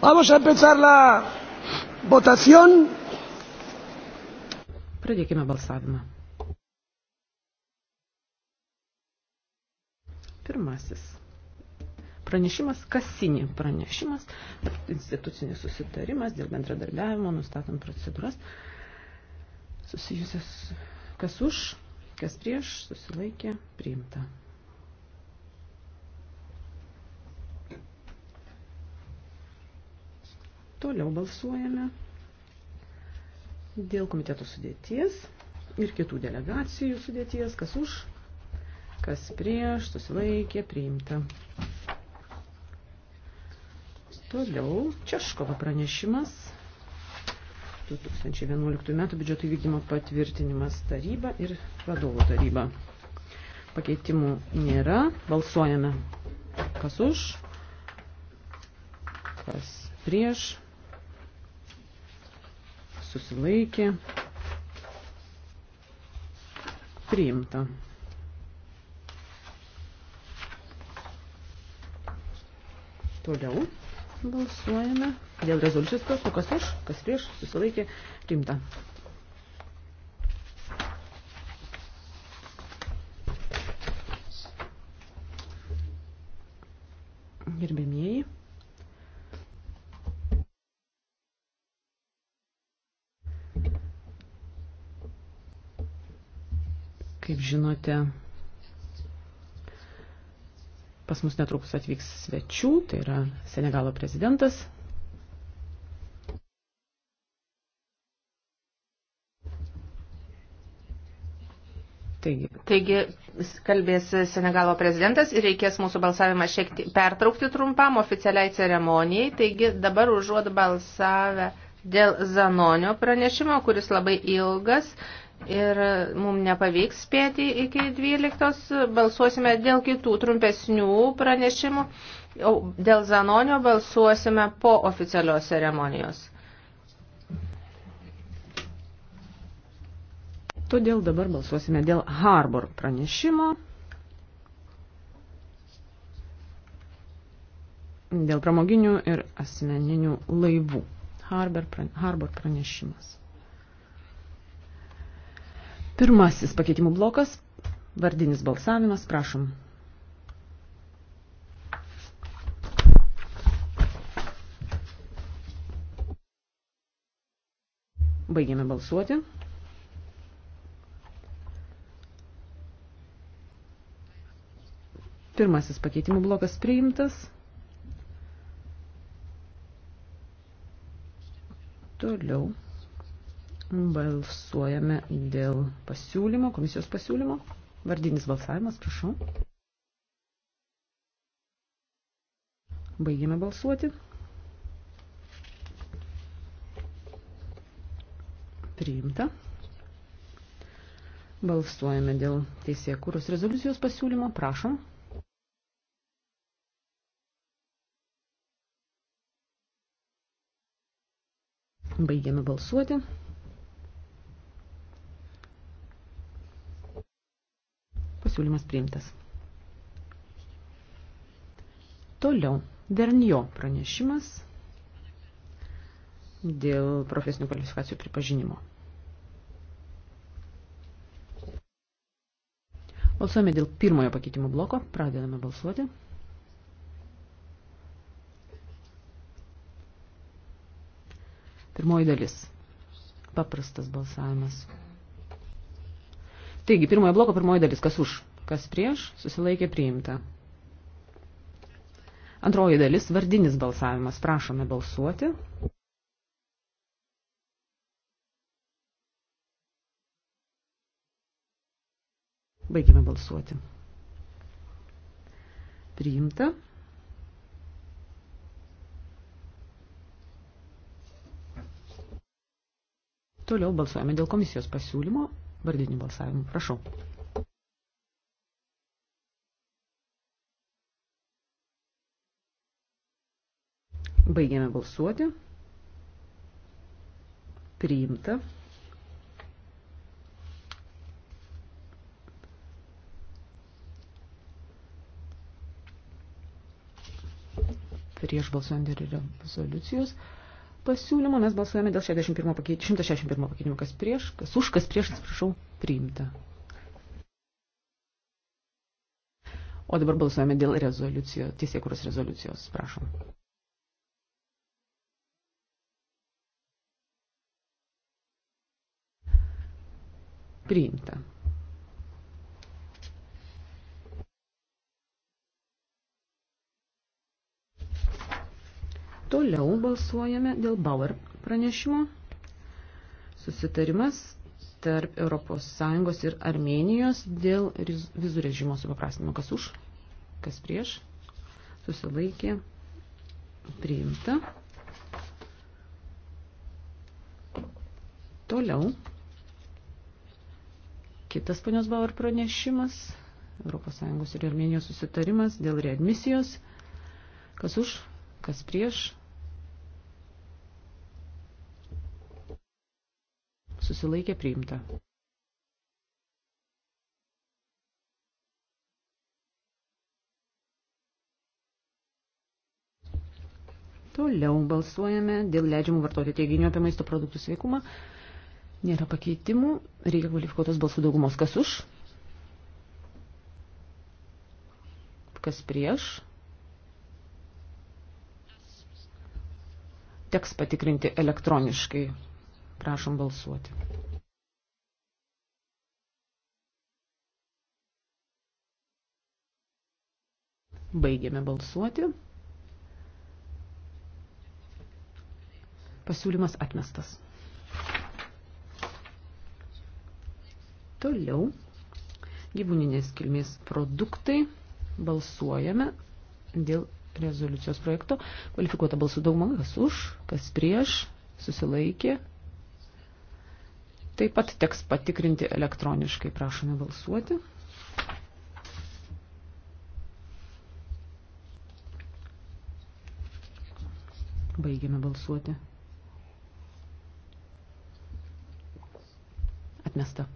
Vamos a empezar la votación. Pradėkime balsavimą. Pirmasis. Pranešimas kasinį pranešimas, institucinis susitarimas dėl bendradarbiavimo, nustatant procedūras, susijusias kas už, kas prieš, susilaikė, priimta. Toliau balsuojame dėl komiteto sudėties ir kitų delegacijų sudėties, kas už, kas prieš, susilaikė, priimta. Toliau Češkova pranešimas. 2011 m. biudžeto įvykdymo patvirtinimas taryba ir vadovų taryba. Pakeitimų nėra. Balsuojame. Kas už, kas prieš, susilaikė, priimta. Toliau balsuojame dėl rezoliucijos, kas už, kas prieš, susilaikė, priimta. žinote, pas mus netrukus atvyks svečių, tai yra Senegalo prezidentas. Taigi. Taigi, kalbės Senegalo prezidentas ir reikės mūsų balsavimą šiek tiek pertraukti trumpam oficialiai ceremonijai. Taigi, dabar užuot balsavę dėl Zanonio pranešimo, kuris labai ilgas ir mums nepavyks spėti iki 12. Balsuosime dėl kitų trumpesnių pranešimų. Dėl Zanonio balsuosime po oficialios ceremonijos. Todėl dabar balsuosime dėl Harbor pranešimo. Dėl pramoginių ir asmeninių laivų. Harbor pranešimas. Pirmasis pakeitimų blokas, vardinis balsavimas, prašom. Baigėme balsuoti. Pirmasis pakeitimų blokas priimtas. Toliau. Balsuojame dėl pasiūlymo, komisijos pasiūlymo. Vardinis balsavimas, prašau. Baigėme balsuoti. Priimta. Balsuojame dėl teisėkūros rezoliucijos pasiūlymo. Prašom. Baigėme balsuoti. pasiūlymas priimtas. Toliau. Dernio pranešimas dėl profesinių kvalifikacijų pripažinimo. Balsuojame dėl pirmojo pakeitimo bloko. Pradedame balsuoti. Pirmoji dalis. Paprastas balsavimas. Taigi, pirmojo bloko pirmoji dalis, kas už, kas prieš, susilaikė priimta. Antroji dalis, vardinis balsavimas, prašome balsuoti. Baigime balsuoti. Priimta. Toliau balsuojame dėl komisijos pasiūlymo vardinių balsavimų. Prašau. Baigėme balsuoti. Priimta. prieš balsuojant dėl rezoliucijos pasiūlymo, mes balsuojame dėl 61 pakeitimo, 161 pakeitimo, kas prieš, kas už, kas prieš, atsiprašau, priimta. O dabar balsuojame dėl rezoliucijos, teisėkuros rezoliucijos, prašom. Priimta. Toliau balsuojame dėl Bauer pranešimo. Susitarimas tarp ES ir Armenijos dėl vizų režimo supaprastinimo. Kas už, kas prieš, susilaikė, priimta. Toliau. Kitas ponios Bauer pranešimas. ES ir Armenijos susitarimas dėl readmisijos. Kas už, kas prieš, susilaikė priimta. Toliau balsuojame dėl leidžiamų vartoti teiginių apie maisto produktų sveikumą. Nėra pakeitimų, reikia kvalifikuotos balsų daugumos. Kas už? Kas prieš? Teks patikrinti elektroniškai. Prašom balsuoti. Baigėme balsuoti. Pasiūlymas atmestas. Toliau gyvūninės kilmės produktai. Balsuojame dėl rezoliucijos projekto. Kvalifikuota balsų dauguma, kas už, kas prieš, susilaikė, Taip pat teks patikrinti elektroniškai. Prašome balsuoti. Baigiame balsuoti. Atmesta.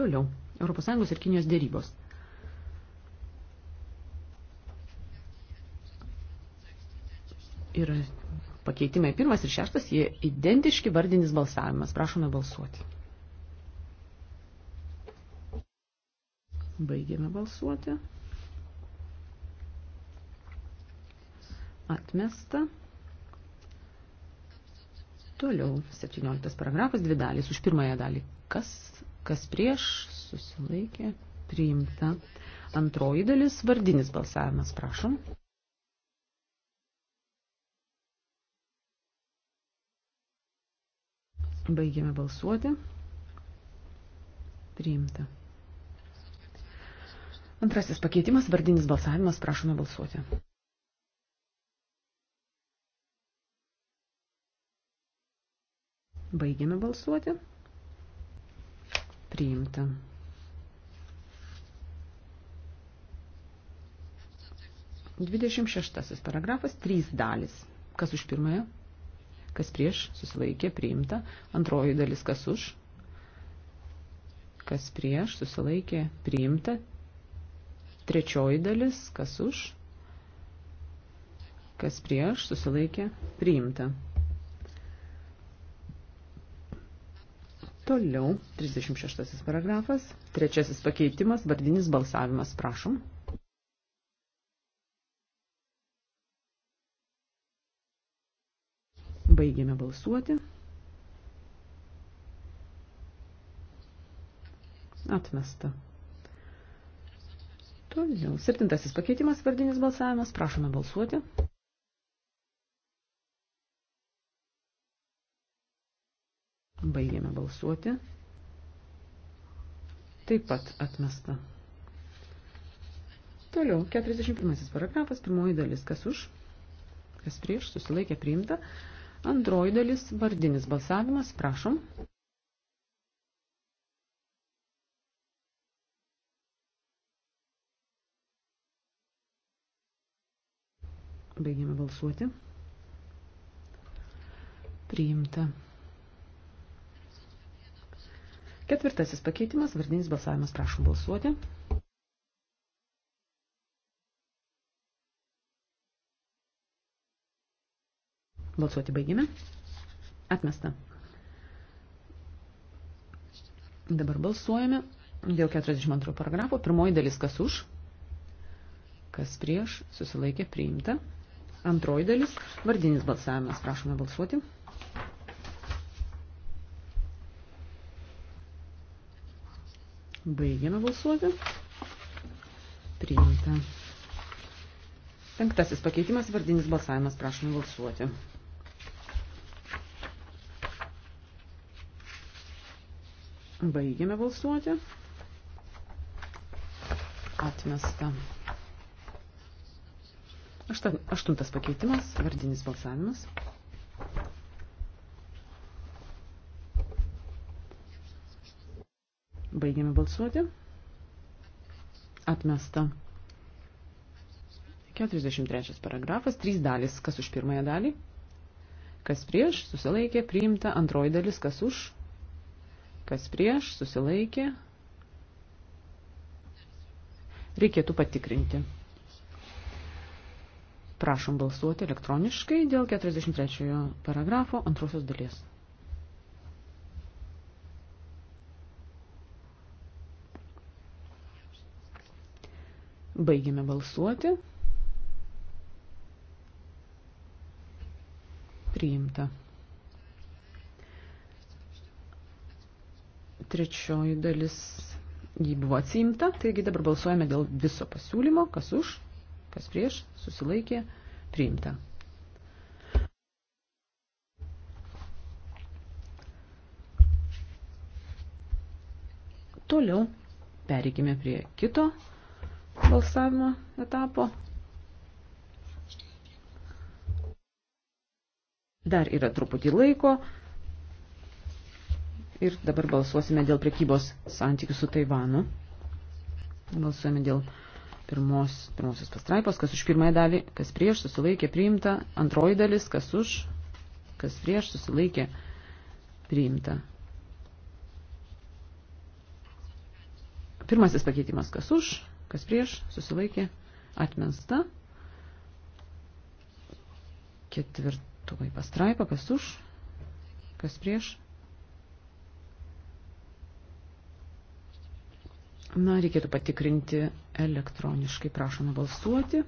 Toliau. ES ir Kinijos dėrybos. Yra pakeitimai pirmas ir šeštas, jie identiški vardinis balsavimas. Prašome balsuoti. Baigėme balsuoti. Atmesta. Toliau 17 paragrafas, dvi dalys. Už pirmąją dalį. Kas, kas prieš susilaikė priimta. Antroji dalis, vardinis balsavimas, prašom. Baigiame balsuoti. Priimta. Antrasis pakeitimas, vardinis balsavimas, prašome balsuoti. Baigiame balsuoti. Priimta. Dvidešimt šeštasis paragrafas, trys dalis. Kas už pirmąją? kas prieš, susilaikė, priimta. Antroji dalis, kas už, kas prieš, susilaikė, priimta. Trečioji dalis, kas už, kas prieš, susilaikė, priimta. Toliau, 36 paragrafas, trečiasis pakeitimas, vardinis balsavimas, prašom. Baigėme balsuoti. Atmesta. Toliau. Septintasis pakeitimas, vardinis balsavimas. Prašome balsuoti. Baigėme balsuoti. Taip pat atmesta. Toliau. 41 paragrafas, pirmoji dalis. Kas už? Kas prieš? Susilaikė priimta. Priimta. Antroji dalis – vardinis balsavimas. Prašom. Baigiame balsuoti. Priimta. Ketvirtasis pakeitimas – vardinis balsavimas. Prašom balsuoti. Balsuoti baigime. Atmesta. Dabar balsuojame dėl 42 paragrafo. Pirmoji dalis kas už, kas prieš, susilaikė priimta. Antroji dalis vardinis balsavimas. Prašome balsuoti. Baigiame balsuoti. Priimta. Penktasis pakeitimas vardinis balsavimas. Prašome balsuoti. Baigiame balsuoti. Atmesta. Aštuntas pakeitimas, vardinis balsavimas. Baigiame balsuoti. Atmesta. 43 paragrafas, 3 dalis, kas už pirmąją dalį, kas prieš, susilaikė, priimta, antroji dalis, kas už, kas prieš, susilaikė. Reikėtų patikrinti. Prašom balsuoti elektroniškai dėl 43 paragrafo antrosios dalies. Baigėme balsuoti. Priimta. Trečioji dalis jį buvo atsiimta, taigi dabar balsuojame dėl viso pasiūlymo, kas už, kas prieš, susilaikė, priimta. Toliau pereikime prie kito balsavimo etapo. Dar yra truputį laiko. Ir dabar balsuosime dėl prekybos santykių su Taivanu. Balsuojame dėl pirmos, pirmosios pastraipos, kas už pirmąją dalį, kas prieš, susilaikė, priimta. Antroji dalis, kas už, kas prieš, susilaikė, priimta. Pirmasis pakeitimas, kas už, kas prieš, susilaikė, atmesta. Ketvirtoji pastraipa, kas už, kas prieš, Na, reikėtų patikrinti elektroniškai, prašome balsuoti.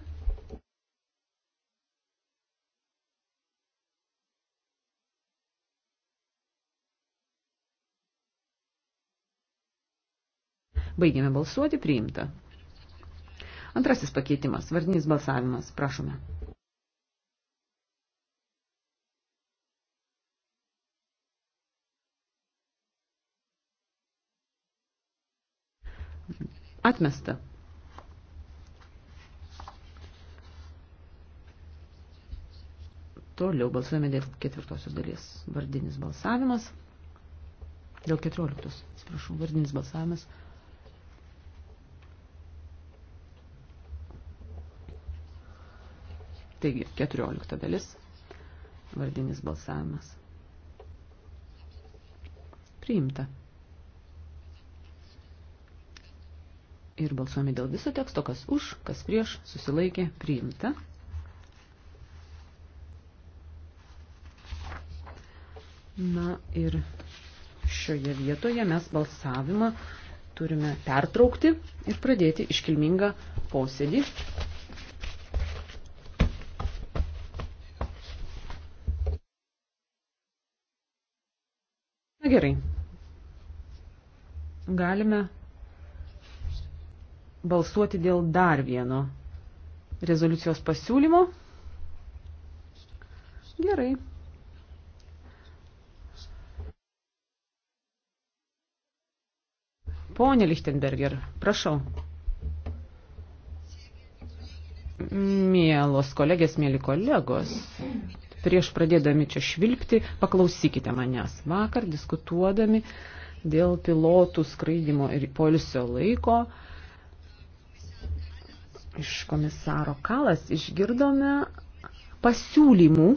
Baigėme balsuoti, priimta. Antrasis pakeitimas, vardinis balsavimas, prašome. Atmesta. Toliau balsuojame dėl ketvirtosios dalies. Vardinis balsavimas. Dėl keturioliktos, atsiprašau, vardinis balsavimas. Taigi, keturiolikta dalis. Vardinis balsavimas. Priimta. ir balsuojame dėl viso teksto, kas už, kas prieš, susilaikė, priimta. Na ir šioje vietoje mes balsavimą turime pertraukti ir pradėti iškilmingą posėdį. Na gerai. Galime balsuoti dėl dar vieno rezoliucijos pasiūlymo. Gerai. Pone Lichtenberger, prašau. Mielos kolegės, mėly kolegos, prieš pradėdami čia švilpti, paklausykite manęs. Vakar diskutuodami dėl pilotų skraidimo ir polisio laiko, uh, iš komisaro Kalas išgirdome pasiūlymų,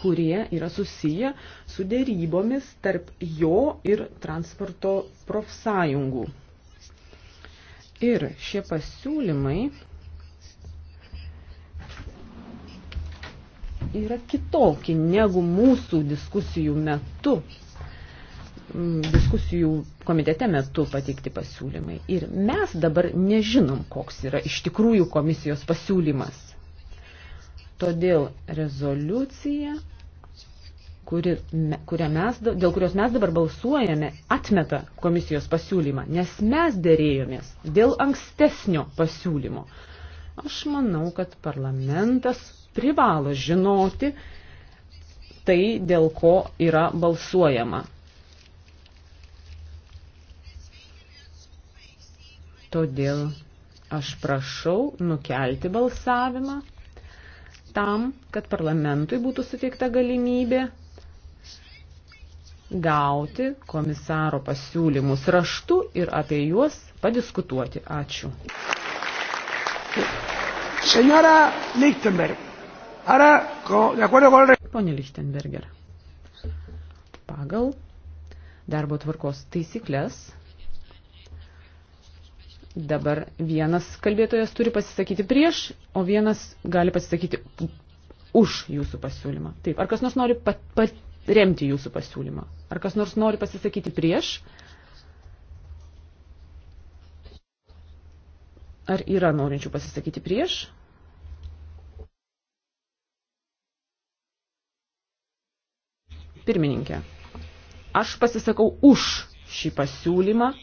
kurie yra susiję su dėrybomis tarp jo ir transporto profsąjungų. Ir šie pasiūlymai yra kitokie negu mūsų diskusijų metu diskusijų komitete metu pateikti pasiūlymai. Ir mes dabar nežinom, koks yra iš tikrųjų komisijos pasiūlymas. Todėl rezoliucija, kuri, kuria mes, dėl kurios mes dabar balsuojame, atmeta komisijos pasiūlymą, nes mes dėrėjomės dėl ankstesnio pasiūlymo. Aš manau, kad parlamentas privalo žinoti tai, dėl ko yra balsuojama Todėl aš prašau nukelti balsavimą tam, kad parlamentui būtų suteikta galimybė gauti komisaro pasiūlymus raštu ir apie juos padiskutuoti. Ačiū. Senora Lichtenberg. Ara, de acuerdo con el... Pone Lichtenberger. Pagal darbo tvarkos taisyklės Dabar vienas kalbėtojas turi pasisakyti prieš, o vienas gali pasisakyti už jūsų pasiūlymą. Taip, ar kas nors nori pat, paremti jūsų pasiūlymą? Ar kas nors nori pasisakyti prieš? Ar yra norinčių pasisakyti prieš? Pirmininkė, aš pasisakau už šį pasiūlymą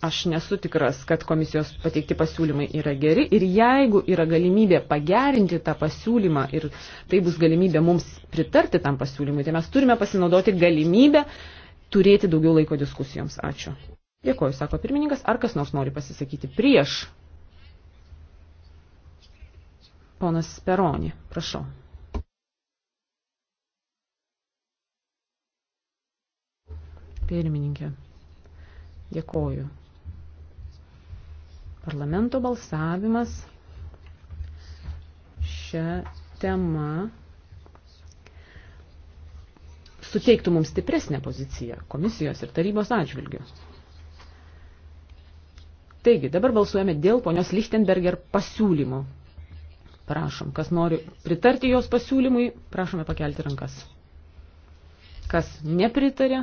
Aš nesu tikras, kad komisijos pateikti pasiūlymai yra geri ir jeigu yra galimybė pagerinti tą pasiūlymą ir tai bus galimybė mums pritarti tam pasiūlymui, tai mes turime pasinaudoti galimybę turėti daugiau laiko diskusijoms. Ačiū. Dėkoju, sako pirmininkas. Ar kas nors nori pasisakyti prieš? Ponas Peronė, prašau. Pirmininkė, dėkoju parlamento balsavimas šią temą suteiktų mums stipresnę poziciją komisijos ir tarybos atžvilgių. Taigi, dabar balsuojame dėl ponios Lichtenberger pasiūlymo. Prašom, kas nori pritarti jos pasiūlymui, prašome pakelti rankas. Kas nepritarė,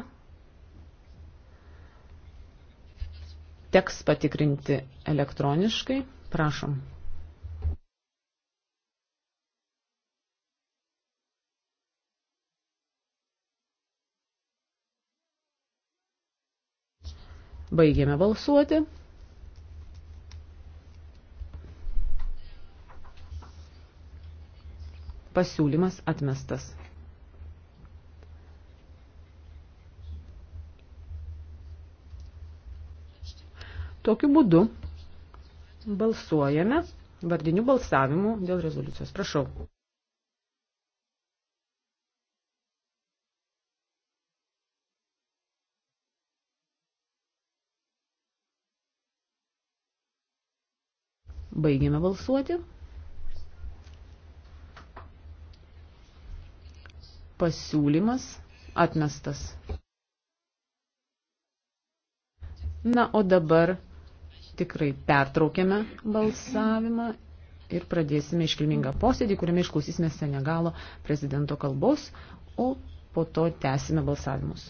teks patikrinti elektroniškai. Prašom. Baigėme balsuoti. Pasiūlymas atmestas. Tokiu būdu balsuojame vardiniu balsavimu dėl rezoliucijos. Prašau. Baigėme balsuoti. pasiūlymas atmestas. Na, o dabar tikrai pertraukėme balsavimą ir pradėsime iškilmingą posėdį, kuriame išklausysime Senegalo prezidento kalbos, o po to tęsime balsavimus.